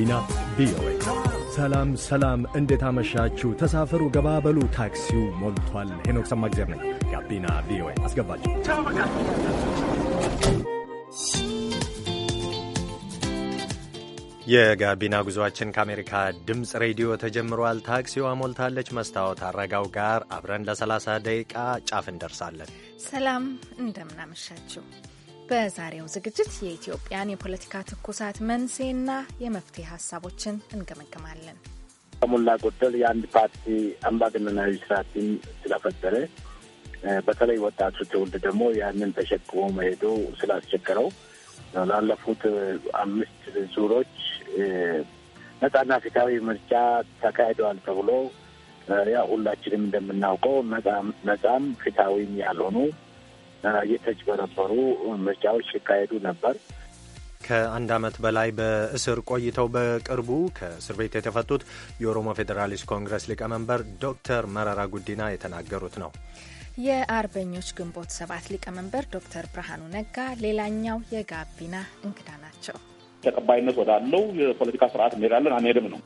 ጋቢና ቪኦኤ። ሰላም ሰላም፣ እንዴት አመሻችሁ? ተሳፈሩ፣ ገባበሉ፣ ታክሲው ሞልቷል። ሄኖክ ሰማግዜር ነኝ። ጋቢና ቪኦኤ አስገባችሁ። የጋቢና ጉዞአችን ከአሜሪካ ድምፅ ሬዲዮ ተጀምሯል። ታክሲዋ ሞልታለች። መስታወት አረጋው ጋር አብረን ለ30 ደቂቃ ጫፍ እንደርሳለን። ሰላም እንደምናመሻችሁ በዛሬው ዝግጅት የኢትዮጵያን የፖለቲካ ትኩሳት መንስኤና የመፍትሄ ሀሳቦችን እንገመግማለን። ከሞላ ጎደል የአንድ ፓርቲ አምባገነናዊ ስርዓትን ስለፈጠረ በተለይ ወጣቱ ትውልድ ደግሞ ያንን ተሸክሞ መሄዱ ስላስቸገረው ላለፉት አምስት ዙሮች ነጻና ፍትሃዊ ምርጫ ተካሂደዋል ተብሎ ያ ሁላችንም እንደምናውቀው ነጻም ፍትሃዊም ያልሆኑ እየተጭበረበሩ ምርጫዎች ሲካሄዱ ነበር። ከአንድ ዓመት በላይ በእስር ቆይተው በቅርቡ ከእስር ቤት የተፈቱት የኦሮሞ ፌዴራሊስት ኮንግረስ ሊቀመንበር ዶክተር መረራ ጉዲና የተናገሩት ነው። የአርበኞች ግንቦት ሰባት ሊቀመንበር ዶክተር ብርሃኑ ነጋ ሌላኛው የጋቢና እንግዳ ናቸው። ተቀባይነት ወዳለው የፖለቲካ ስርዓት እንሄዳለን አንሄድም ነው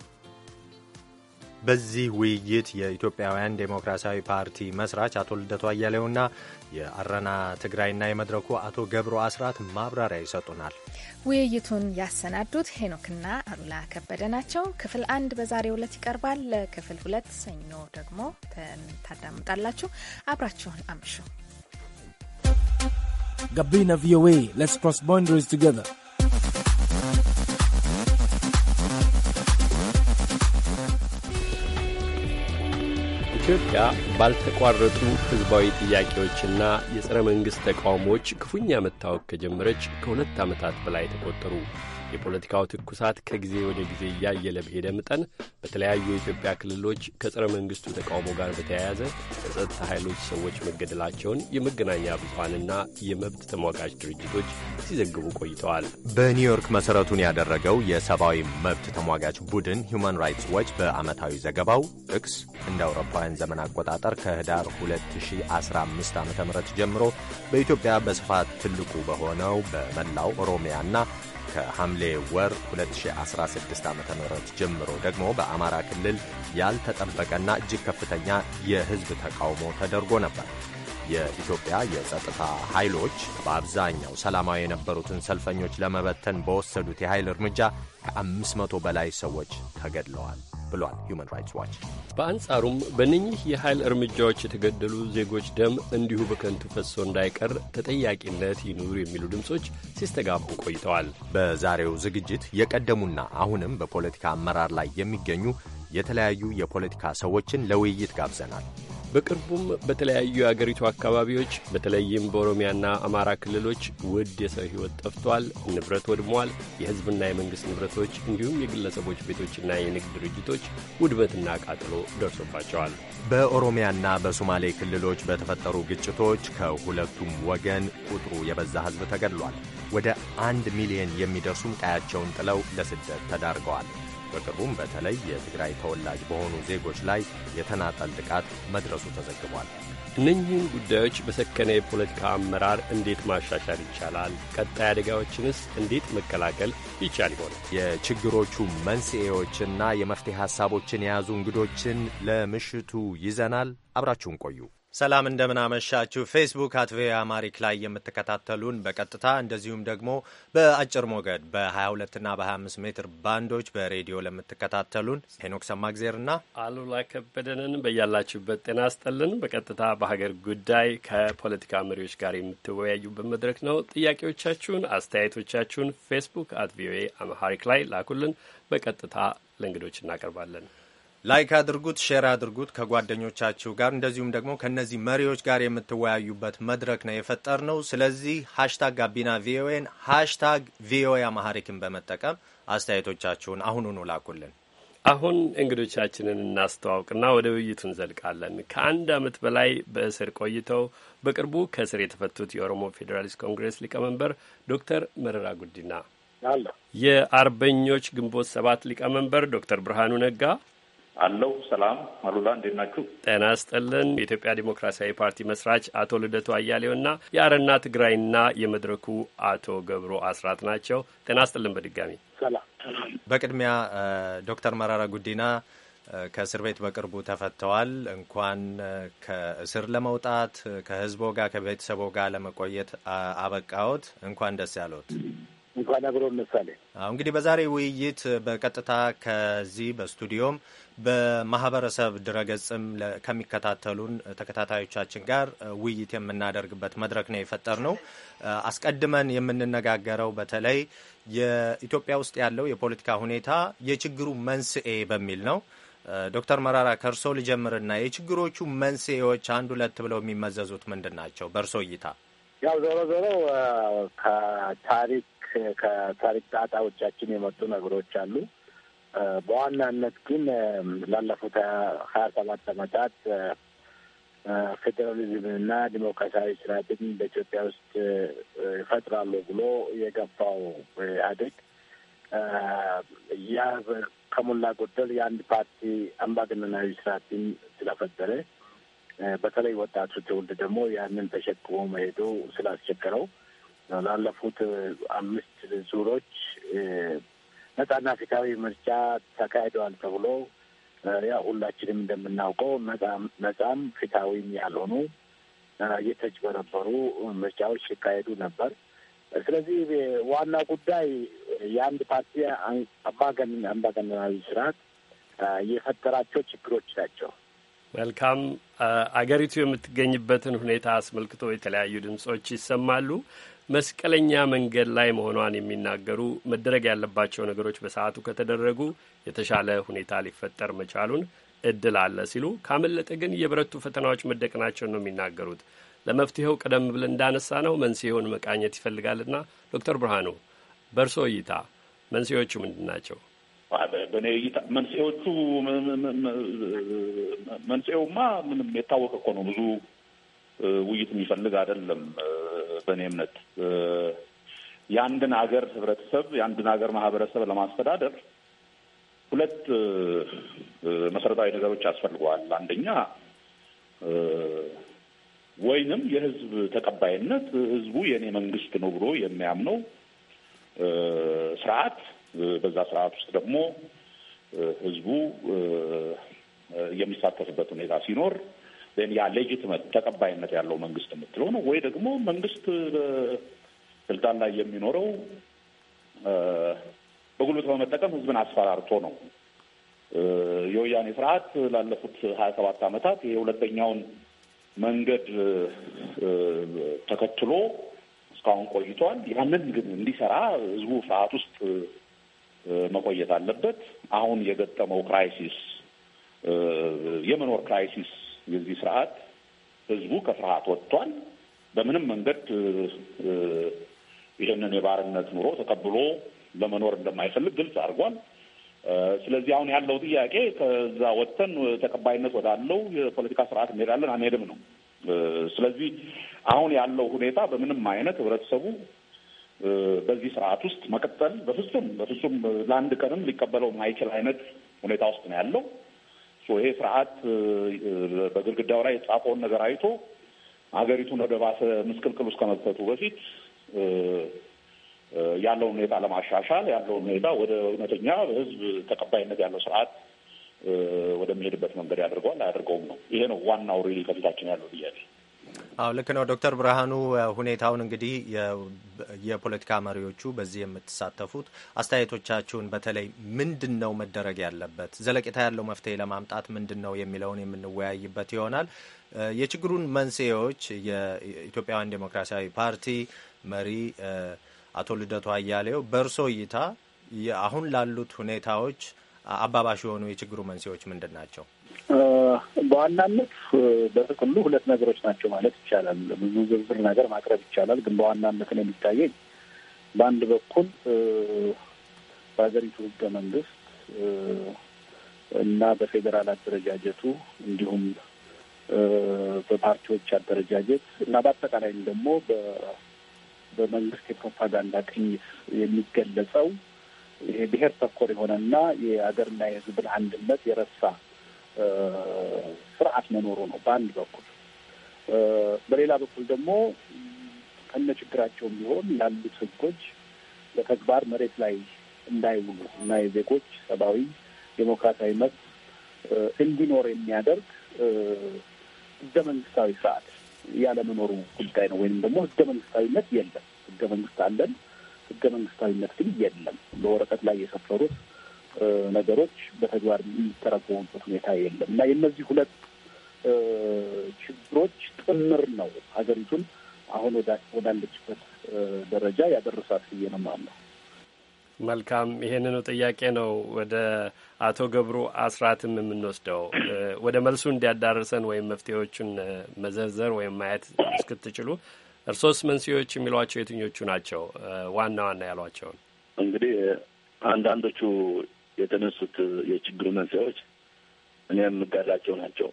በዚህ ውይይት የኢትዮጵያውያን ዴሞክራሲያዊ ፓርቲ መስራች አቶ ልደቱ አያሌውና የአረና ትግራይና የመድረኩ አቶ ገብሩ አስራት ማብራሪያ ይሰጡናል። ውይይቱን ያሰናዱት ሄኖክና አሉላ ከበደ ናቸው። ክፍል አንድ በዛሬው ዕለት ይቀርባል። ለክፍል ሁለት ሰኞ ደግሞ ታዳምጣላችሁ። አብራችሁን አምሹ። ጋቢና ቪኦኤ Let's ክሮስ boundaries together. ኢትዮጵያ ባልተቋረጡ ሕዝባዊ ጥያቄዎችና የጸረ መንግሥት ተቃውሞዎች ክፉኛ መታወቅ ከጀመረች ከሁለት ዓመታት በላይ ተቆጠሩ። የፖለቲካው ትኩሳት ከጊዜ ወደ ጊዜ እያየለ በሄደ መጠን በተለያዩ የኢትዮጵያ ክልሎች ከጸረ መንግስቱ ተቃውሞ ጋር በተያያዘ የጸጥታ ኃይሎች ሰዎች መገደላቸውን የመገናኛ ብዙሀንና የመብት ተሟጋች ድርጅቶች ሲዘግቡ ቆይተዋል። በኒውዮርክ መሰረቱን ያደረገው የሰብአዊ መብት ተሟጋች ቡድን ሁማን ራይትስ ዋች በዓመታዊ ዘገባው ጥቅስ እንደ አውሮፓውያን ዘመን አቆጣጠር ከህዳር 2015 ዓ ም ጀምሮ በኢትዮጵያ በስፋት ትልቁ በሆነው በመላው ኦሮሚያና ከሐምሌ ወር 2016 ዓ ም ጀምሮ ደግሞ በአማራ ክልል ያልተጠበቀና እጅግ ከፍተኛ የሕዝብ ተቃውሞ ተደርጎ ነበር። የኢትዮጵያ የጸጥታ ኃይሎች በአብዛኛው ሰላማዊ የነበሩትን ሰልፈኞች ለመበተን በወሰዱት የኃይል እርምጃ ከ500 በላይ ሰዎች ተገድለዋል። ብሏል ሁማን ራይትስ ዋች። በአንጻሩም በእነኚህ የኃይል እርምጃዎች የተገደሉ ዜጎች ደም እንዲሁ በከንቱ ፈሶ እንዳይቀር ተጠያቂነት ይኑር የሚሉ ድምጾች ሲስተጋቡ ቆይተዋል። በዛሬው ዝግጅት የቀደሙና አሁንም በፖለቲካ አመራር ላይ የሚገኙ የተለያዩ የፖለቲካ ሰዎችን ለውይይት ጋብዘናል። በቅርቡም በተለያዩ የአገሪቱ አካባቢዎች በተለይም በኦሮሚያና አማራ ክልሎች ውድ የሰው ሕይወት ጠፍቷል፣ ንብረት ወድሟል። የሕዝብና የመንግሥት ንብረቶች እንዲሁም የግለሰቦች ቤቶችና የንግድ ድርጅቶች ውድመትና ቃጠሎ ደርሶባቸዋል። በኦሮሚያና በሶማሌ ክልሎች በተፈጠሩ ግጭቶች ከሁለቱም ወገን ቁጥሩ የበዛ ሕዝብ ተገድሏል። ወደ አንድ ሚሊዮን የሚደርሱም ቀያቸውን ጥለው ለስደት ተዳርገዋል። በቅርቡም በተለይ የትግራይ ተወላጅ በሆኑ ዜጎች ላይ የተናጠል ጥቃት መድረሱ ተዘግቧል። እነኚህን ጉዳዮች በሰከነ የፖለቲካ አመራር እንዴት ማሻሻል ይቻላል? ቀጣይ አደጋዎችንስ እንዴት መከላከል ይቻል ይሆን? የችግሮቹ መንስኤዎችና የመፍትሄ ሀሳቦችን የያዙ እንግዶችን ለምሽቱ ይዘናል። አብራችሁን ቆዩ። ሰላም እንደምናመሻችሁ። ፌስቡክ አት ቪኦኤ አማሪክ ላይ የምትከታተሉን በቀጥታ እንደዚሁም ደግሞ በአጭር ሞገድ በ22 እና በ25 ሜትር ባንዶች በሬዲዮ ለምትከታተሉን ሄኖክ ሰማግዜርና አሉላ ከበደንን በያላችሁበት ጤና ስጠልን። በቀጥታ በሀገር ጉዳይ ከፖለቲካ መሪዎች ጋር የምትወያዩበት መድረክ ነው። ጥያቄዎቻችሁን፣ አስተያየቶቻችሁን ፌስቡክ አት ቪኦኤ አማሪክ ላይ ላኩልን። በቀጥታ ለእንግዶች እናቀርባለን። ላይክ አድርጉት፣ ሼር አድርጉት ከጓደኞቻችሁ ጋር እንደዚሁም ደግሞ ከእነዚህ መሪዎች ጋር የምትወያዩበት መድረክ ነው የፈጠር ነው። ስለዚህ ሀሽታግ ጋቢና ቪኦኤን ሀሽታግ ቪኦኤ አማሐሪክን በመጠቀም አስተያየቶቻችሁን አሁኑኑ ላኩልን። አሁን እንግዶቻችንን እናስተዋውቅና ወደ ውይይቱ እንዘልቃለን። ከአንድ ዓመት በላይ በእስር ቆይተው በቅርቡ ከእስር የተፈቱት የኦሮሞ ፌዴራሊስት ኮንግሬስ ሊቀመንበር ዶክተር መረራ ጉዲና፣ የአርበኞች ግንቦት ሰባት ሊቀመንበር ዶክተር ብርሃኑ ነጋ አለው ሰላም አሉላ እንዴት ናችሁ? ጤና ይስጥልን። የኢትዮጵያ ዴሞክራሲያዊ ፓርቲ መስራች አቶ ልደቱ አያሌውና የአረና ትግራይና የመድረኩ አቶ ገብሮ አስራት ናቸው። ጤና ይስጥልን በድጋሚ ሰላም። በቅድሚያ ዶክተር መራራ ጉዲና ከእስር ቤት በቅርቡ ተፈተዋል። እንኳን ከእስር ለመውጣት ከህዝቦ ጋር ከቤተሰቦ ጋር ለመቆየት አበቃዎት። እንኳን ደስ ያለዎት። እንኳን አብሮ ምሳሌ እንግዲህ በዛሬ ውይይት በቀጥታ ከዚህ በስቱዲዮም በማህበረሰብ ድረገጽም ከሚከታተሉን ተከታታዮቻችን ጋር ውይይት የምናደርግበት መድረክ ነው የፈጠር ነው። አስቀድመን የምንነጋገረው በተለይ የኢትዮጵያ ውስጥ ያለው የፖለቲካ ሁኔታ የችግሩ መንስኤ በሚል ነው። ዶክተር መራራ ከእርሶ ልጀምርና የችግሮቹ መንስኤዎች አንድ ሁለት ብለው የሚመዘዙት ምንድን ናቸው በእርሶ እይታ? ያው ዞሮ ዞሮ ከታሪክ ከታሪክ ጣጣዎቻችን የመጡ ነገሮች አሉ። በዋናነት ግን ላለፉት ሀያ ሰባት ዓመታት ፌዴራሊዝምና ዲሞክራሲያዊ ስርዓትን በኢትዮጵያ ውስጥ ይፈጥራሉ ብሎ የገፋው ኢህአዴግ ያ ከሞላ ጎደል የአንድ ፓርቲ አምባገነናዊ ስርዓትን ስለፈጠረ በተለይ ወጣቱ ትውልድ ደግሞ ያንን ተሸክሞ መሄዱ ስላስቸገረው ላለፉት አምስት ዙሮች ነጻና ፊታዊ ምርጫ ተካሂደዋል ተብሎ ያ ሁላችንም እንደምናውቀው ነጻም ፊታዊም ያልሆኑ የተጭበረበሩ ምርጫዎች ሲካሄዱ ነበር። ስለዚህ ዋና ጉዳይ የአንድ ፓርቲ አምባገነን አምባገነናዊ ስርዓት የፈጠራቸው ችግሮች ናቸው። መልካም። አገሪቱ የምትገኝበትን ሁኔታ አስመልክቶ የተለያዩ ድምጾች ይሰማሉ። መስቀለኛ መንገድ ላይ መሆኗን የሚናገሩ መደረግ ያለባቸው ነገሮች በሰዓቱ ከተደረጉ የተሻለ ሁኔታ ሊፈጠር መቻሉን እድል አለ ሲሉ ካመለጠ ግን የብረቱ ፈተናዎች መደቀናቸውን ነው የሚናገሩት። ለመፍትሄው ቀደም ብለን እንዳነሳ ነው መንስኤውን መቃኘት ይፈልጋልና ዶክተር ብርሃኑ በእርሶ እይታ መንስኤዎቹ ምንድን ናቸው? በእኔ እይታ መንስኤዎቹ መንስኤውማ ምንም የታወቀ እኮ ነው ብዙ ውይይት የሚፈልግ አይደለም። በእኔ እምነት የአንድን ሀገር ህብረተሰብ የአንድን ሀገር ማህበረሰብ ለማስተዳደር ሁለት መሰረታዊ ነገሮች ያስፈልገዋል። አንደኛ ወይንም የህዝብ ተቀባይነት ህዝቡ የእኔ መንግስት ነው ብሎ የሚያምነው ስርዓት፣ በዛ ስርዓት ውስጥ ደግሞ ህዝቡ የሚሳተፍበት ሁኔታ ሲኖር ያ ሌጂትመት ተቀባይነት ያለው መንግስት የምትለው ነው ወይ ደግሞ መንግስት ስልጣን ላይ የሚኖረው በጉልበት በመጠቀም ህዝብን አስፈራርቶ ነው። የወያኔ ስርዓት ላለፉት ሀያ ሰባት ዓመታት ይሄ ሁለተኛውን መንገድ ተከትሎ እስካሁን ቆይቷል። ያንን ግን እንዲሰራ ህዝቡ ፍርሃት ውስጥ መቆየት አለበት። አሁን የገጠመው ክራይሲስ የመኖር ክራይሲስ የዚህ ስርዓት ህዝቡ ከፍርሃት ወጥቷል። በምንም መንገድ ይህንን የባርነት ኑሮ ተቀብሎ ለመኖር እንደማይፈልግ ግልጽ አድርጓል። ስለዚህ አሁን ያለው ጥያቄ ከዛ ወጥተን ተቀባይነት ወዳለው የፖለቲካ ስርዓት እንሄዳለን አንሄድም ነው። ስለዚህ አሁን ያለው ሁኔታ በምንም አይነት ህብረተሰቡ በዚህ ስርዓት ውስጥ መቀጠል በፍጹም በፍጹም ለአንድ ቀንም ሊቀበለው የማይችል አይነት ሁኔታ ውስጥ ነው ያለው። ይሄ ስርዓት በግድግዳው ላይ የተጻፈውን ነገር አይቶ ሀገሪቱን ወደ ባሰ ምስቅልቅል ውስጥ ከመክተቱ በፊት ያለውን ሁኔታ ለማሻሻል ያለውን ሁኔታ ወደ እውነተኛ ህዝብ ተቀባይነት ያለው ስርዓት ወደሚሄድበት መንገድ ያደርገዋል አያደርገውም ነው። ይሄ ነው ዋናው ሪሊ ከፊታችን ያለው ጥያቄ። አዎ ልክ ነው ዶክተር ብርሃኑ ሁኔታውን እንግዲህ የፖለቲካ መሪዎቹ በዚህ የምትሳተፉት አስተያየቶቻችሁን በተለይ ምንድን ነው መደረግ ያለበት ዘለቂታ ያለው መፍትሄ ለማምጣት ምንድን ነው የሚለውን የምንወያይበት ይሆናል የችግሩን መንስኤዎች የኢትዮጵያውያን ዴሞክራሲያዊ ፓርቲ መሪ አቶ ልደቱ አያሌው በእርሶ እይታ አሁን ላሉት ሁኔታዎች አባባሽ የሆኑ የችግሩ መንስኤዎች ምንድን ናቸው በዋናነት በጥቅሉ ሁለት ነገሮች ናቸው ማለት ይቻላል። ብዙ ዝርዝር ነገር ማቅረብ ይቻላል፣ ግን ነው የሚታየኝ በአንድ በኩል በሀገሪቱ ህገ መንግስት እና በፌዴራል አደረጃጀቱ እንዲሁም በፓርቲዎች አደረጃጀት እና በአጠቃላይም ደግሞ በመንግስት የፕሮፓጋንዳ ቅኝት የሚገለጸው ይሄ ብሔር ተኮር የሆነና የሀገርና የህዝብን አንድነት የረሳ ስርዓት መኖሩ ነው በአንድ በኩል። በሌላ በኩል ደግሞ ከነ ችግራቸውም ቢሆን ያሉት ህጎች በተግባር መሬት ላይ እንዳይውሉ እና የዜጎች ሰብአዊ ዴሞክራሲያዊ መብት እንዲኖር የሚያደርግ ህገ መንግስታዊ ስርዓት ያለመኖሩ ጉዳይ ነው። ወይንም ደግሞ ህገ መንግስታዊነት የለም። ህገ መንግስት አለን፣ ህገ መንግስታዊነት ግን የለም። በወረቀት ላይ የሰፈሩት ነገሮች በተግባር የሚተረጎሙበት ሁኔታ የለም እና የእነዚህ ሁለት ችግሮች ጥምር ነው ሀገሪቱን አሁን ወዳለችበት ደረጃ ያደረሳት ብዬ ነው የማምነው። መልካም ይሄንኑ ጥያቄ ነው ወደ አቶ ገብሩ አስራትም የምንወስደው ወደ መልሱ እንዲያዳርሰን ወይም መፍትሄዎቹን መዘርዘር ወይም ማየት እስክትችሉ እርሶስ መንስኤዎች የሚሏቸው የትኞቹ ናቸው? ዋና ዋና ያሏቸውን እንግዲህ አንዳንዶቹ የተነሱት የችግሩ መንስኤዎች እኔ የምጋራቸው ናቸው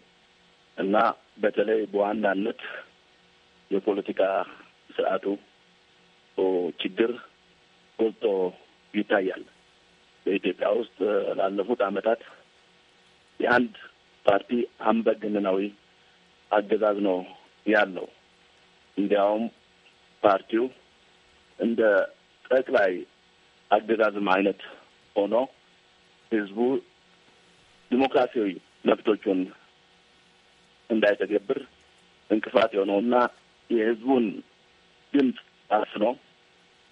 እና በተለይ በዋናነት የፖለቲካ ስርዓቱ ችግር ጎልቶ ይታያል። በኢትዮጵያ ውስጥ ላለፉት ዓመታት የአንድ ፓርቲ አምባገነናዊ አገዛዝ ነው ያለው። እንዲያውም ፓርቲው እንደ ጠቅላይ አገዛዝም አይነት ሆኖ ህዝቡ ዲሞክራሲያዊ መብቶቹን እንዳይተገብር እንቅፋት እና የህዝቡን ድምፅ አስኖ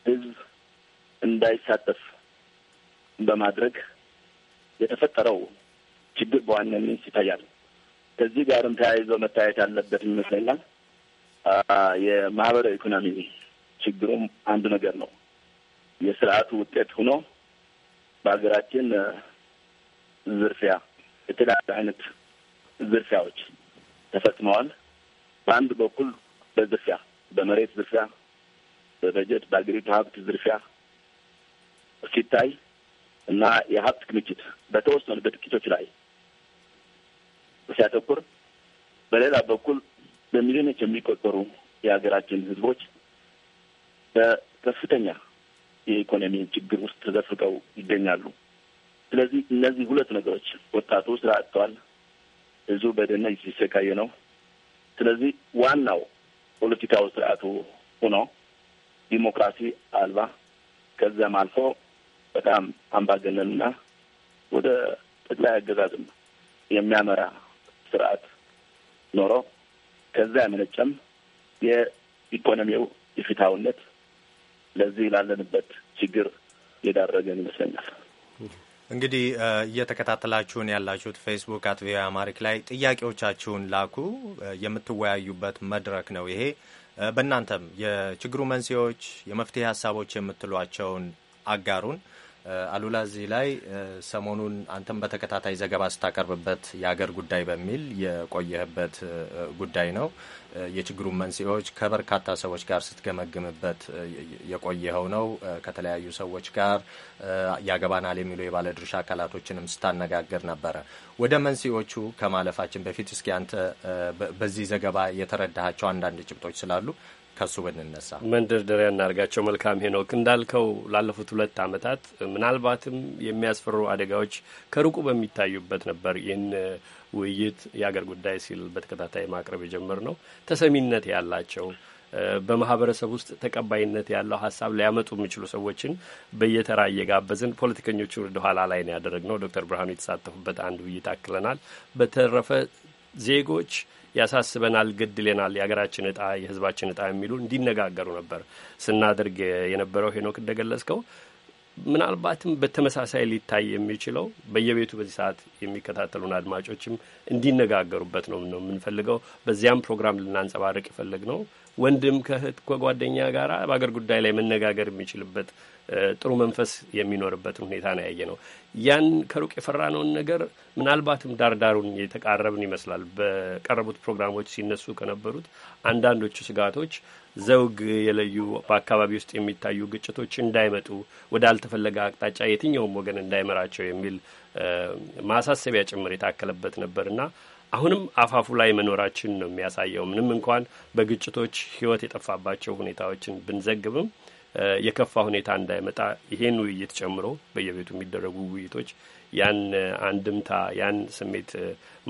ህዝብ እንዳይሳተፍ በማድረግ የተፈጠረው ችግር በዋነኝነት ይታያል። ከዚህ ጋርም ተያይዞ መታየት ያለበት ይመስለኛል የማህበራዊ ኢኮኖሚ ችግሩም አንዱ ነገር ነው። የስርዓቱ ውጤት ሆኖ በሀገራችን ዝርፊያ፣ የተለያዩ አይነት ዝርፊያዎች ተፈጽመዋል። በአንድ በኩል በዝርፊያ በመሬት ዝርፊያ፣ በበጀት በአገሪቱ ሀብት ዝርፊያ ሲታይ እና የሀብት ክምችት በተወሰኑ በጥቂቶች ላይ ሲያተኩር፣ በሌላ በኩል በሚሊዮኖች የሚቆጠሩ የሀገራችን ሕዝቦች በከፍተኛ የኢኮኖሚ ችግር ውስጥ ተዘፍቀው ይገኛሉ። ስለዚህ እነዚህ ሁለት ነገሮች ወጣቱ ስራ አጥተዋል፣ ብዙ በድህነት ሲሰቃየ ነው። ስለዚህ ዋናው ፖለቲካዊ ስርዓቱ ሆኖ ዲሞክራሲ አልባ ከዚያም አልፎ በጣም አምባገነንና ወደ ጠቅላይ አገዛዝም የሚያመራ ስርዓት ኖሮ ከዚያ የመነጨም የኢኮኖሚው የፍትሃዊነት ለዚህ ላለንበት ችግር የዳረገን ይመስለኛል። እንግዲህ እየተከታተላችሁን ያላችሁት ፌስቡክ አት ቪኦኤ አማሪክ ላይ ጥያቄዎቻችሁን ላኩ። የምትወያዩበት መድረክ ነው ይሄ። በእናንተም የችግሩ መንስኤዎች፣ የመፍትሄ ሀሳቦች የምትሏቸውን አጋሩን። አሉላ እዚህ ላይ ሰሞኑን አንተም በተከታታይ ዘገባ ስታቀርብበት የአገር ጉዳይ በሚል የቆየህበት ጉዳይ ነው። የችግሩን መንስኤዎች ከበርካታ ሰዎች ጋር ስትገመግምበት የቆየኸው ነው። ከተለያዩ ሰዎች ጋር ያገባናል የሚሉ የባለድርሻ አካላቶችንም ስታነጋገር ነበረ። ወደ መንስኤዎቹ ከማለፋችን በፊት እስኪ አንተ በዚህ ዘገባ የተረዳሃቸው አንዳንድ ጭብጦች ስላሉ ከሱ ብንነሳ መንደርደሪያ እናርጋቸው። መልካም ሄኖክ፣ እንዳልከው ላለፉት ሁለት ዓመታት ምናልባትም የሚያስፈሩ አደጋዎች ከሩቁ በሚታዩበት ነበር ይህን ውይይት የአገር ጉዳይ ሲል በተከታታይ ማቅረብ የጀመር ነው። ተሰሚነት ያላቸው በማህበረሰብ ውስጥ ተቀባይነት ያለው ሀሳብ ሊያመጡ የሚችሉ ሰዎችን በየተራ እየጋበዝን ፖለቲከኞቹን ወደ ኋላ ላይ ነው ያደረግነው። ዶክተር ብርሃኑ የተሳተፉበት አንድ ውይይት አክለናል። በተረፈ ዜጎች ያሳስበናል፣ ግድ የሀገራችን እጣ፣ የህዝባችን እጣ የሚሉ እንዲነጋገሩ ነበር ስናደርግ የነበረው ሄኖክ እንደገለጽከው ምናልባትም በተመሳሳይ ሊታይ የሚችለው በየቤቱ በዚህ ሰዓት የሚከታተሉን አድማጮችም እንዲነጋገሩበት ነው ነው የምንፈልገው በዚያም ፕሮግራም ልናንጸባርቅ የፈለግ ነው። ወንድም ከእህት ከጓደኛ ጋር በአገር ጉዳይ ላይ መነጋገር የሚችልበት ጥሩ መንፈስ የሚኖርበትን ሁኔታ ነው ያየ ነው። ያን ከሩቅ የፈራነውን ነገር ምናልባትም ዳርዳሩን የተቃረብን ይመስላል። በቀረቡት ፕሮግራሞች ሲነሱ ከነበሩት አንዳንዶቹ ስጋቶች ዘውግ የለዩ በአካባቢ ውስጥ የሚታዩ ግጭቶች እንዳይመጡ ወደ አልተፈለገ አቅጣጫ የትኛውም ወገን እንዳይመራቸው የሚል ማሳሰቢያ ጭምር የታከለበት ነበርና አሁንም አፋፉ ላይ መኖራችን ነው የሚያሳየው። ምንም እንኳን በግጭቶች ሕይወት የጠፋባቸው ሁኔታዎችን ብንዘግብም የከፋ ሁኔታ እንዳይመጣ ይሄን ውይይት ጨምሮ በየቤቱ የሚደረጉ ውይይቶች ያን አንድምታ ያን ስሜት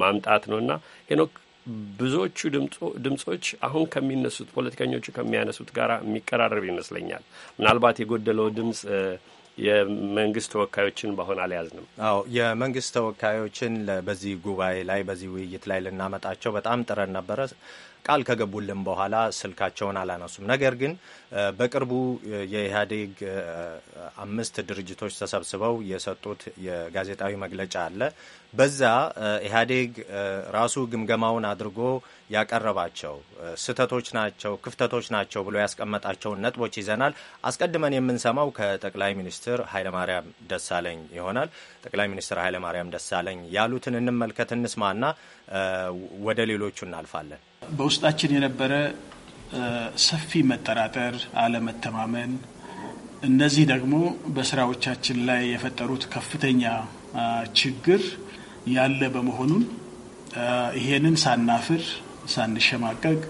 ማምጣት ነውና ሄኖክ ብዙዎቹ ድምጾች አሁን ከሚነሱት ፖለቲከኞቹ ከሚያነሱት ጋር የሚቀራረብ ይመስለኛል። ምናልባት የጎደለው ድምፅ የመንግስት ተወካዮችን በአሁን አልያዝንም። አዎ የመንግስት ተወካዮችን በዚህ ጉባኤ ላይ በዚህ ውይይት ላይ ልናመጣቸው በጣም ጥረን ነበረ። ቃል ከገቡልን በኋላ ስልካቸውን አላነሱም። ነገር ግን በቅርቡ የኢህአዴግ አምስት ድርጅቶች ተሰብስበው የሰጡት የጋዜጣዊ መግለጫ አለ። በዛ ኢህአዴግ ራሱ ግምገማውን አድርጎ ያቀረባቸው ስህተቶች ናቸው፣ ክፍተቶች ናቸው ብሎ ያስቀመጣቸውን ነጥቦች ይዘናል። አስቀድመን የምንሰማው ከጠቅላይ ሚኒስትር ኃይለማርያም ደሳለኝ ይሆናል። ጠቅላይ ሚኒስትር ኃይለማርያም ደሳለኝ ያሉትን እንመልከት፣ እንስማና ወደ ሌሎቹ እናልፋለን። በውስጣችን የነበረ ሰፊ መጠራጠር፣ አለመተማመን እነዚህ ደግሞ በስራዎቻችን ላይ የፈጠሩት ከፍተኛ ችግር ያለ በመሆኑን ይሄንን ሳናፍር ሳንሸማቀቅ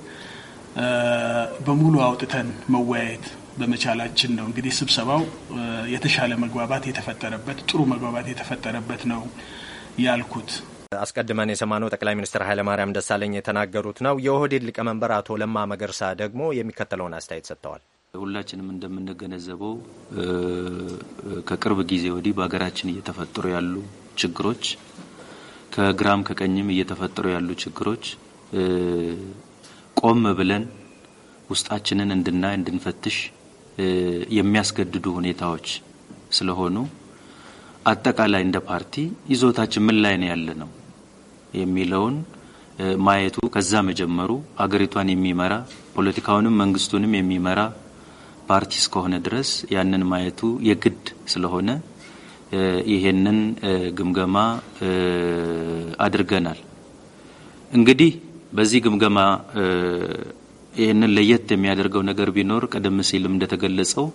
በሙሉ አውጥተን መወያየት በመቻላችን ነው። እንግዲህ ስብሰባው የተሻለ መግባባት የተፈጠረበት ጥሩ መግባባት የተፈጠረበት ነው ያልኩት። አስቀድመን የሰማነው ጠቅላይ ሚኒስትር ኃይለማርያም ደሳለኝ የተናገሩት ነው። የኦህዴድ ሊቀመንበር አቶ ለማ መገርሳ ደግሞ የሚከተለውን አስተያየት ሰጥተዋል። ሁላችንም እንደምንገነዘበው ከቅርብ ጊዜ ወዲህ በሀገራችን እየተፈጠሩ ያሉ ችግሮች ከግራም ከቀኝም እየተፈጠሩ ያሉ ችግሮች ቆም ብለን ውስጣችንን እንድናይ እንድንፈትሽ የሚያስገድዱ ሁኔታዎች ስለሆኑ አጠቃላይ እንደ ፓርቲ ይዞታችን ምን ላይ ነው ያለ ነው የሚለውን ማየቱ ከዛ መጀመሩ አገሪቷን የሚመራ ፖለቲካውንም መንግስቱንም የሚመራ ፓርቲ እስከሆነ ድረስ ያንን ማየቱ የግድ ስለሆነ ይሄንን ግምገማ አድርገናል። እንግዲህ በዚህ ግምገማ ይህንን ለየት የሚያደርገው ነገር ቢኖር ቀደም ሲልም እንደተገለጸው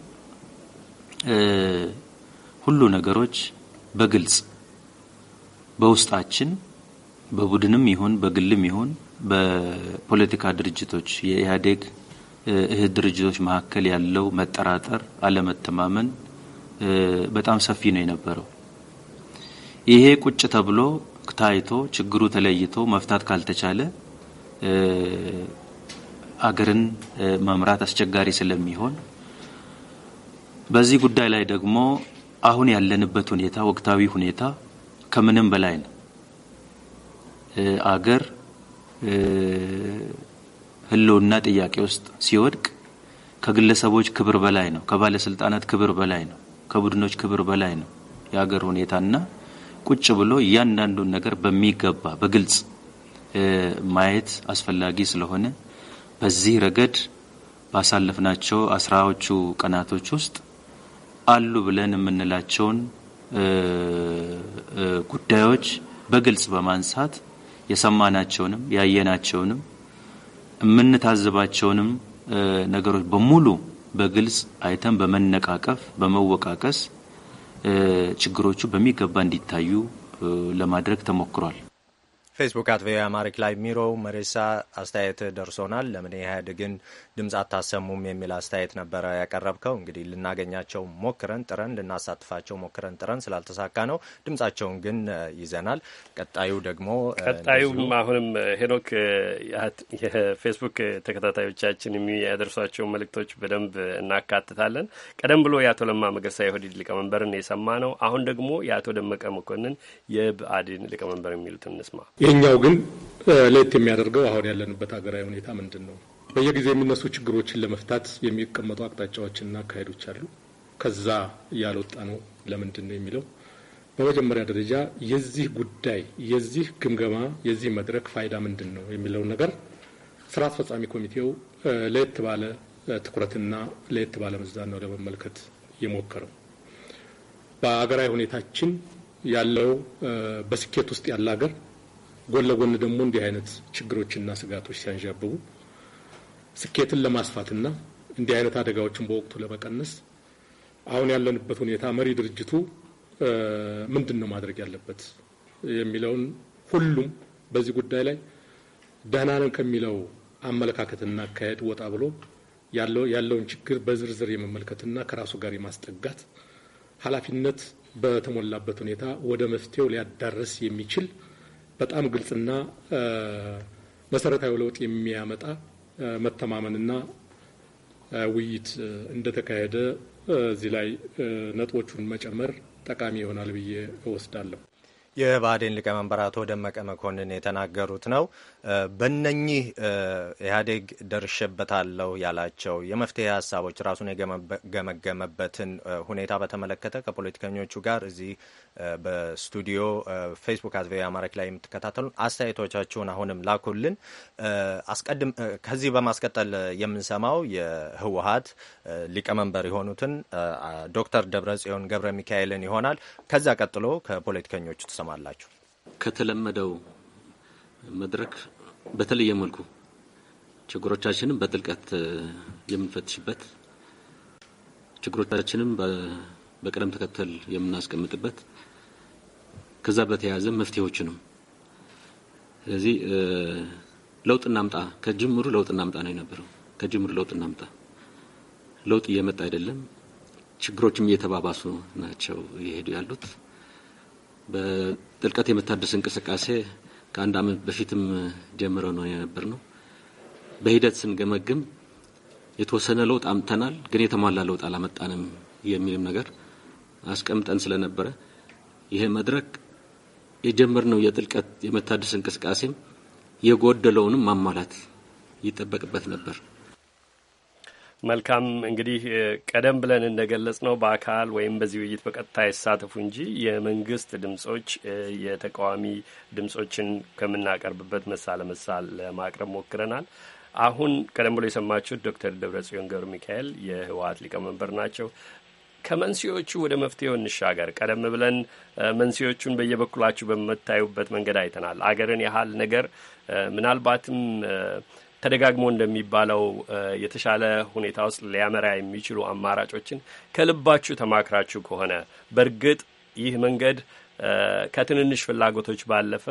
ሁሉ ነገሮች በግልጽ በውስጣችን በቡድንም ይሁን በግልም ይሁን በፖለቲካ ድርጅቶች የኢህአዴግ እህት ድርጅቶች መካከል ያለው መጠራጠር፣ አለመተማመን በጣም ሰፊ ነው የነበረው። ይሄ ቁጭ ተብሎ ታይቶ ችግሩ ተለይቶ መፍታት ካልተቻለ አገርን መምራት አስቸጋሪ ስለሚሆን በዚህ ጉዳይ ላይ ደግሞ አሁን ያለንበት ሁኔታ ወቅታዊ ሁኔታ ከምንም በላይ ነው። አገር ህልውና ጥያቄ ውስጥ ሲወድቅ ከግለሰቦች ክብር በላይ ነው፣ ከባለስልጣናት ክብር በላይ ነው፣ ከቡድኖች ክብር በላይ ነው የሀገር ሁኔታና ቁጭ ብሎ እያንዳንዱን ነገር በሚገባ በግልጽ ማየት አስፈላጊ ስለሆነ በዚህ ረገድ ባሳለፍናቸው አስራዎቹ ቀናቶች ውስጥ አሉ ብለን የምንላቸውን ጉዳዮች በግልጽ በማንሳት የሰማናቸውንም ያየናቸውንም የምንታዘባቸውንም ነገሮች በሙሉ በግልጽ አይተን በመነቃቀፍ በመወቃቀስ ችግሮቹ በሚገባ እንዲታዩ ለማድረግ ተሞክሯል። ፌስቡክ አት ቪኦኤ አማሪክ ላይ ሚሮው መሬሳ አስተያየት ደርሶናል። ለምን ኢህአዴግን ድምፅ አታሰሙም የሚል አስተያየት ነበረ ያቀረብከው። እንግዲህ ልናገኛቸው ሞክረን ጥረን ልናሳትፋቸው ሞክረን ጥረን ስላልተሳካ ነው። ድምፃቸውን ግን ይዘናል። ቀጣዩ ደግሞ ቀጣዩም አሁንም ሄኖክ የፌስቡክ ተከታታዮቻችን የሚያደርሷቸው መልእክቶች በደንብ እናካትታለን። ቀደም ብሎ የአቶ ለማ መገርሳ የኦህዴድ ሊቀመንበርን የሰማ ነው። አሁን ደግሞ የአቶ ደመቀ መኮንን የብአዴን ሊቀመንበር የሚሉት እንስማ። የእኛው ግን ለየት የሚያደርገው አሁን ያለንበት ሀገራዊ ሁኔታ ምንድን ነው? በየጊዜ የሚነሱ ችግሮችን ለመፍታት የሚቀመጡ አቅጣጫዎችና አካሄዶች አሉ። ከዛ ያልወጣ ነው ለምንድን ነው የሚለው በመጀመሪያ ደረጃ የዚህ ጉዳይ የዚህ ግምገማ የዚህ መድረክ ፋይዳ ምንድን ነው የሚለውን ነገር ስራ አስፈጻሚ ኮሚቴው ለየት ባለ ትኩረትና ለየት ባለ ምዛን ነው ለመመልከት የሞከረው። በሀገራዊ ሁኔታችን ያለው በስኬት ውስጥ ያለ ሀገር ጎን ለጎን ደግሞ እንዲህ አይነት ችግሮችና ስጋቶች ሲያንዣብቡ ስኬትን ለማስፋትና እንዲህ አይነት አደጋዎችን በወቅቱ ለመቀነስ አሁን ያለንበት ሁኔታ መሪ ድርጅቱ ምንድን ነው ማድረግ ያለበት የሚለውን ሁሉም በዚህ ጉዳይ ላይ ደህና ነን ከሚለው አመለካከትና አካሄድ ወጣ ብሎ ያለውን ችግር በዝርዝር የመመልከትና ከራሱ ጋር የማስጠጋት ኃላፊነት በተሞላበት ሁኔታ ወደ መፍትሄው ሊያዳርስ የሚችል በጣም ግልጽና መሰረታዊ ለውጥ የሚያመጣ መተማመንና ውይይት እንደተካሄደ እዚህ ላይ ነጥቦቹን መጨመር ጠቃሚ ይሆናል ብዬ እወስዳለሁ። የባህዴን ሊቀመንበር አቶ ደመቀ መኮንን የተናገሩት ነው። በነኚህ ኢህአዴግ ደርሼበታለሁ ያላቸው የመፍትሄ ሀሳቦች ራሱን የገመገመበትን ሁኔታ በተመለከተ ከፖለቲከኞቹ ጋር እዚህ በስቱዲዮ ፌስቡክ አዝቤ አማራክ ላይ የምትከታተሉ አስተያየቶቻችሁን አሁንም ላኩልን። አስቀድም ከዚህ በማስቀጠል የምንሰማው የህወሀት ሊቀመንበር የሆኑትን ዶክተር ደብረጽዮን ገብረ ሚካኤልን ይሆናል። ከዚያ ቀጥሎ ከፖለቲከኞቹ ተሰማ ትሰማላችሁ። ከተለመደው መድረክ በተለየ መልኩ ችግሮቻችንም በጥልቀት የምንፈትሽበት ችግሮቻችንም በቅደም ተከተል የምናስቀምጥበት ከዛ በተያያዘ መፍትሄዎችንም ስለዚህ ለውጥ እናምጣ ከጅምሩ ለውጥ እናምጣ ነው የነበረው። ከጅምሩ ለውጥ እናምጣ፣ ለውጥ እየመጣ አይደለም። ችግሮችም እየተባባሱ ናቸው እየሄዱ ያሉት። በጥልቀት የመታደስ እንቅስቃሴ ከአንድ ዓመት በፊትም ጀምረ ነው የነበር ነው። በሂደት ስንገመግም የተወሰነ ለውጥ አምጥተናል፣ ግን የተሟላ ለውጥ አላመጣንም የሚልም ነገር አስቀምጠን ስለነበረ ይሄ መድረክ የጀመርነው የጥልቀት የመታደስ እንቅስቃሴም የጎደለውንም ማሟላት ይጠበቅበት ነበር። መልካም እንግዲህ ቀደም ብለን እንደገለጽ ነው በአካል ወይም በዚህ ውይይት በቀጥታ ይሳተፉ እንጂ የመንግስት ድምጾች የተቃዋሚ ድምጾችን ከምናቀርብበት መሳ ለመሳል ለማቅረብ ሞክረናል። አሁን ቀደም ብሎ የሰማችሁት ዶክተር ደብረ ጽዮን ገብረ ሚካኤል የህወሀት ሊቀመንበር ናቸው። ከመንስኤዎቹ ወደ መፍትሄው እንሻገር። ቀደም ብለን መንስኤዎቹን በየበኩላችሁ በምታዩበት መንገድ አይተናል። አገርን ያህል ነገር ምናልባትም ተደጋግሞ እንደሚባለው የተሻለ ሁኔታ ውስጥ ሊያመራ የሚችሉ አማራጮችን ከልባችሁ ተማክራችሁ ከሆነ በእርግጥ ይህ መንገድ ከትንንሽ ፍላጎቶች ባለፈ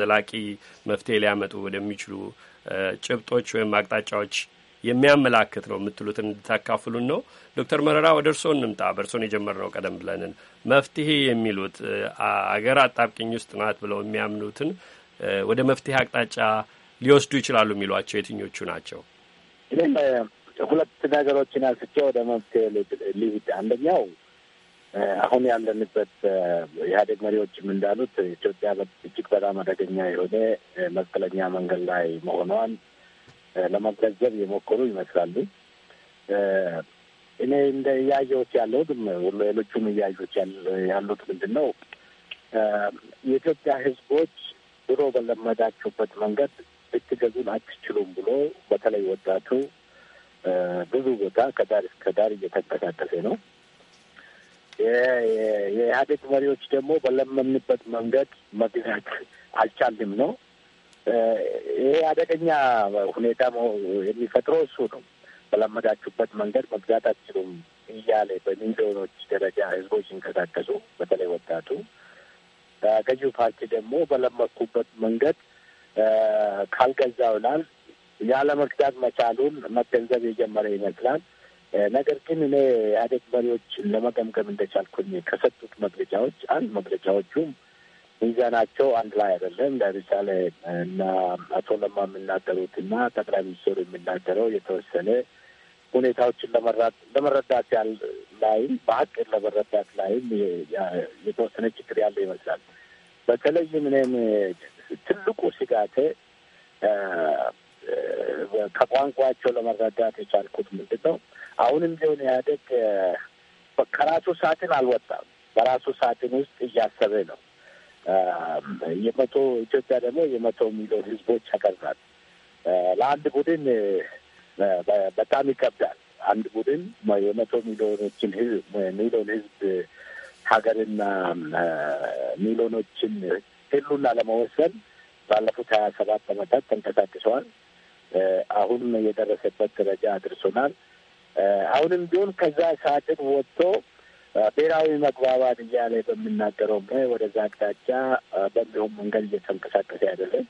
ዘላቂ መፍትሄ ሊያመጡ ወደሚችሉ ጭብጦች ወይም አቅጣጫዎች የሚያመላክት ነው የምትሉትን እንድታካፍሉን ነው። ዶክተር መረራ ወደ እርስዎ እንምጣ። በእርስዎን የጀመርነው ቀደም ብለንን መፍትሄ የሚሉት አገር አጣብቅኝ ውስጥ ናት ብለው የሚያምኑትን ወደ መፍትሄ አቅጣጫ ሊወስዱ ይችላሉ የሚሏቸው የትኞቹ ናቸው? እኔም ሁለት ነገሮችን አንስቼ ወደ መፍትሄ ልሂድ። አንደኛው አሁን ያለንበት ኢህአዴግ መሪዎችም እንዳሉት ኢትዮጵያ እጅግ በጣም አደገኛ የሆነ መስቀለኛ መንገድ ላይ መሆኗን ለመገንዘብ የሞከሩ ይመስላሉ። እኔ እንደ እያየሁት ያለሁት ሌሎቹም እያዩት ያሉት ምንድን ነው የኢትዮጵያ ህዝቦች ድሮ በለመዳችሁበት መንገድ ልትገዙን አትችሉም ብሎ በተለይ ወጣቱ ብዙ ቦታ ከዳር እስከ ዳር እየተንቀሳቀሰ ነው። የኢህአዴግ መሪዎች ደግሞ በለመንበት መንገድ መግዛት አልቻልም ነው። ይሄ አደገኛ ሁኔታ የሚፈጥረው እሱ ነው። በለመዳችሁበት መንገድ መግዛት አትችሉም እያለ በሚሊዮኖች ደረጃ ህዝቦች ሲንቀሳቀሱ፣ በተለይ ወጣቱ ገዢው ፓርቲ ደግሞ በለመኩበት መንገድ ካልገዛው ይላል ያለመግዳት መቻሉን መገንዘብ የጀመረ ይመስላል። ነገር ግን እኔ ኢህአዴግ መሪዎች ለመገምገም እንደቻልኩኝ ከሰጡት መግለጫዎች አንድ መግለጫዎቹም ሚዛናቸው አንድ ላይ አይደለም። ለምሳሌ እና አቶ ለማ የሚናገሩት እና ጠቅላይ ሚኒስትሩ የሚናገረው የተወሰነ ሁኔታዎችን ለመራት ለመረዳት ያል ላይም በሀቅ ለመረዳት ላይም የተወሰነ ችግር ያለ ይመስላል። በተለይም እኔም ትልቁ ስጋቴ ከቋንቋቸው ለመረዳት የቻልኩት ምንድን ነው፣ አሁንም ቢሆን ኢህአዴግ ከራሱ ሳጥን አልወጣም። በራሱ ሳጥን ውስጥ እያሰበ ነው። የመቶ ኢትዮጵያ ደግሞ የመቶ ሚሊዮን ህዝቦች ሀገር ናት። ለአንድ ቡድን በጣም ይከብዳል። አንድ ቡድን የመቶ ሚሊዮኖችን ሚሊዮን ህዝብ ሀገርና ሚሊዮኖችን ህሉና ለመወሰን ባለፉት ሀያ ሰባት አመታት ተንቀሳቅሰዋል። አሁን የደረሰበት ደረጃ አድርሶናል። አሁንም ቢሆን ከዛ ሳጥን ወጥቶ ብሔራዊ መግባባት እያለ በምናገረው ወደዛ አቅጣጫ በሚሆን መንገድ እየተንቀሳቀሰ አይደለም።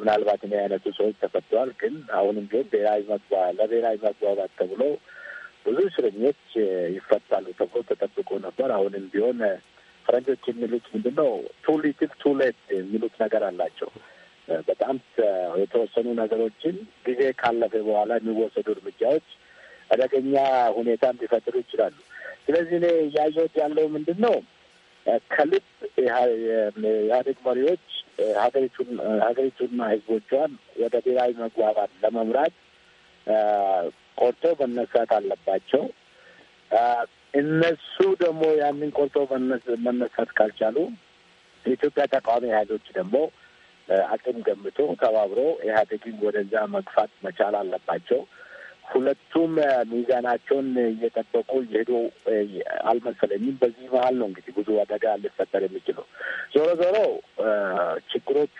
ምናልባት እኔ አይነቱ ሰዎች ተፈተዋል። ግን አሁንም ቢሆን ብሔራዊ መግባ ለብሔራዊ መግባባት ተብሎ ብዙ እስረኞች ይፈታሉ ተብሎ ተጠብቆ ነበር። አሁንም ቢሆን ፈረንጆች የሚሉት ምንድነው ቱ ሊትል ቱ ሌት የሚሉት ነገር አላቸው። በጣም የተወሰኑ ነገሮችን ጊዜ ካለፈ በኋላ የሚወሰዱ እርምጃዎች አደገኛ ሁኔታ ሊፈጥሩ ይችላሉ። ስለዚህ እኔ እያየሁት ያለው ምንድን ነው ከልብ የኢህአዴግ መሪዎች ሀገሪቱን ሀገሪቱና ህዝቦቿን ወደ ብሔራዊ መግባባት ለመምራት ቆርጦ መነሳት አለባቸው። እነሱ ደግሞ ያንን ቆርጦ መነሳት ካልቻሉ የኢትዮጵያ ተቃዋሚ ኃይሎች ደግሞ አቅም ገምቶ ተባብሮ ኢህአዴግን ወደዛ መግፋት መቻል አለባቸው። ሁለቱም ሚዛናቸውን እየጠበቁ እየሄዱ አልመሰለኝም። በዚህ መሀል ነው እንግዲህ ብዙ አደጋ ሊፈጠር የሚችለው። ዞሮ ዞሮ ችግሮቹ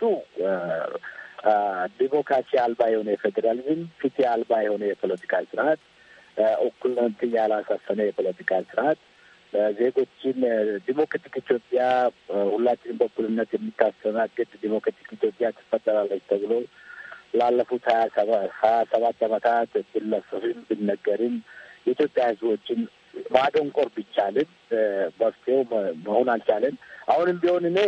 ዲሞክራሲ አልባ የሆነ የፌዴራሊዝም፣ ፍትህ አልባ የሆነ የፖለቲካ ስርዓት እኩልነት ያላሳሰነ የፖለቲካ ስርዓት ዜጎችን ዲሞክራቲክ ኢትዮጵያ ሁላችንም በኩልነት የሚታስተናግድ ዲሞክራቲክ ኢትዮጵያ ትፈጠራለች ተብሎ ላለፉት ሀያ ሰባት ዓመታት ቢለፈፍም ብነገርም የኢትዮጵያ ሕዝቦችን ማደንቆር ቢቻልን መፍትሄው መሆን አልቻለን። አሁንም ቢሆን እኔ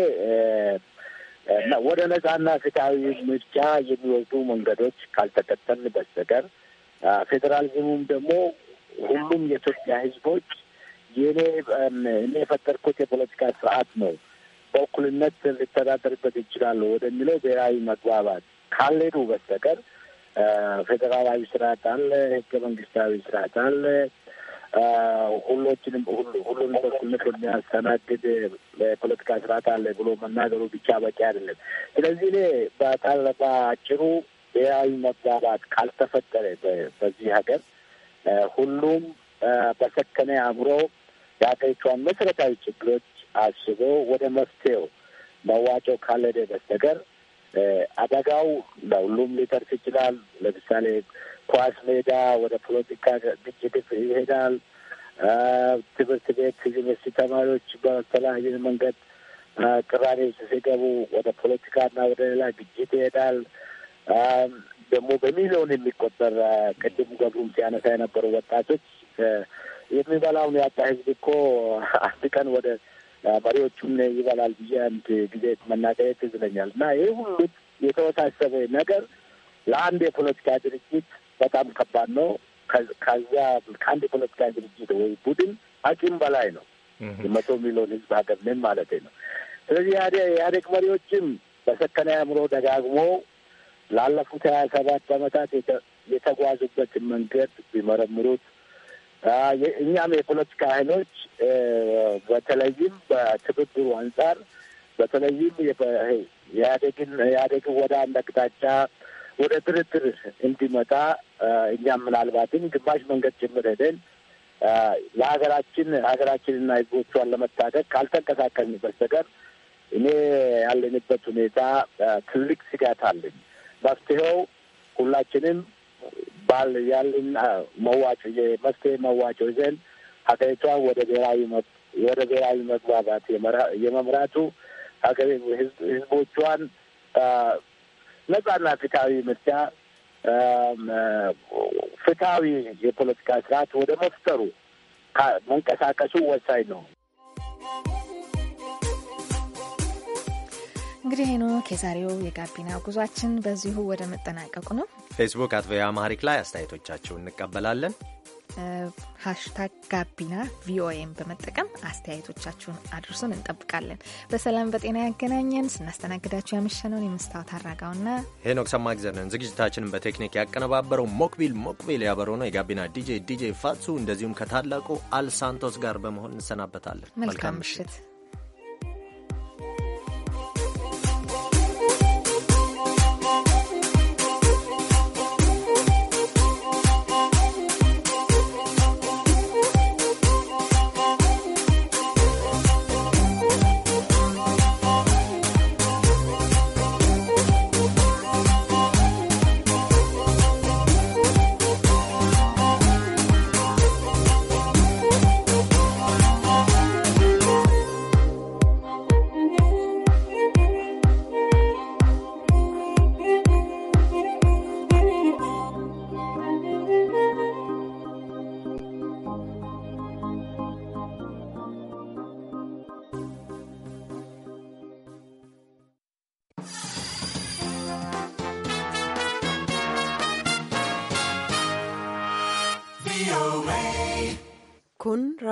ወደ ነጻና ፍትሐዊ ምርጫ የሚወጡ መንገዶች ካልተከተልን በስተቀር ፌዴራሊዝሙም ደግሞ ሁሉም የኢትዮጵያ ህዝቦች የኔ እኔ የፈጠርኩት የፖለቲካ ስርዓት ነው፣ በእኩልነት ሊተዳደርበት ይችላሉ ወደሚለው ብሔራዊ መግባባት ካልሄዱ በስተቀር ፌዴራላዊ ስርዓት አለ፣ ህገ መንግስታዊ ስርዓት አለ፣ ሁሎችንም ሁሉም በእኩልነት የሚያስተናግድ የፖለቲካ ስርዓት አለ ብሎ መናገሩ ብቻ በቂ አይደለም። ስለዚህ እኔ አጭሩ ብሔራዊ መግባባት ካልተፈጠረ በዚህ ሀገር ሁሉም በሰከነ አእምሮ የሀገሪቷን መሰረታዊ ችግሮች አስቦ ወደ መፍትሄው መዋጮ ካልሄደ በስተቀር አደጋው ለሁሉም ሊተርፍ ይችላል። ለምሳሌ ኳስ ሜዳ ወደ ፖለቲካ ግጭት ይሄዳል። ትምህርት ቤት ዩኒቨርሲቲ ተማሪዎች በተለያየ መንገድ ቅራኔ ሲገቡ ወደ ፖለቲካና ወደ ሌላ ግጭት ይሄዳል። ደግሞ በሚሊዮን የሚቆጠር ቅድም ገብሩም ሲያነሳ የነበሩ ወጣቶች የሚበላውን ያጣ ህዝብ እኮ አንድ ቀን ወደ መሪዎቹን ይበላል ብዬ አንድ ጊዜ መናገሬ ትዝ ይለኛል። እና ይህ ሁሉ የተወሳሰበ ነገር ለአንድ የፖለቲካ ድርጅት በጣም ከባድ ነው። ከዚያ ከአንድ የፖለቲካ ድርጅት ወይ ቡድን አቂም በላይ ነው። የመቶ ሚሊዮን ህዝብ ሀገር ምን ማለት ነው። ስለዚህ ኢህአዴግ መሪዎችም በሰከነ አእምሮ ደጋግሞ ላለፉት ሀያ ሰባት አመታት የተጓዙበትን መንገድ ቢመረምሩት እኛም የፖለቲካ ኃይሎች በተለይም በትብብሩ አንጻር በተለይም የአደግን ኢህአዴግን ወደ አንድ አቅጣጫ ወደ ድርድር እንዲመጣ እኛም ምናልባትም ግማሽ መንገድ ጭምር ሄደን ለሀገራችን ሀገራችንና ህዝቦቿን ለመታደግ ካልተንቀሳቀስን በስተቀር እኔ ያለንበት ሁኔታ ትልቅ ስጋት አለኝ። መፍትሄው ሁላችንም ባል ያልን መዋጮ የመፍትሄ መዋጮ ይዘን ሀገሪቷን ወደ ብሔራዊ ወደ ብሔራዊ መግባባት የመምራቱ ሀገሪ ህዝቦቿን ነጻና ፍትሐዊ ምርጫ ፍትሐዊ የፖለቲካ ስርዓት ወደ መፍጠሩ መንቀሳቀሱ ወሳኝ ነው። እንግዲህ ሄኖክ የዛሬው የጋቢና ጉዟችን በዚሁ ወደ መጠናቀቁ ነው። ፌስቡክ አት ቪኦኤ አማሪክ ላይ አስተያየቶቻችሁን እንቀበላለን። ሀሽታግ ጋቢና ቪኦኤም በመጠቀም አስተያየቶቻችሁን አድርሱን፣ እንጠብቃለን። በሰላም በጤና ያገናኘን። ስናስተናግዳችሁ ያመሸነውን የመስታወት አራጋውና ሄኖክ ሰማግዘንን፣ ዝግጅታችንን በቴክኒክ ያቀነባበረው ሞክቢል ሞክቢል ያበረ ነው። የጋቢና ዲጄ ዲጄ ፋሱ እንደዚሁም ከታላቁ አልሳንቶስ ጋር በመሆን እንሰናበታለን። መልካም ምሽት።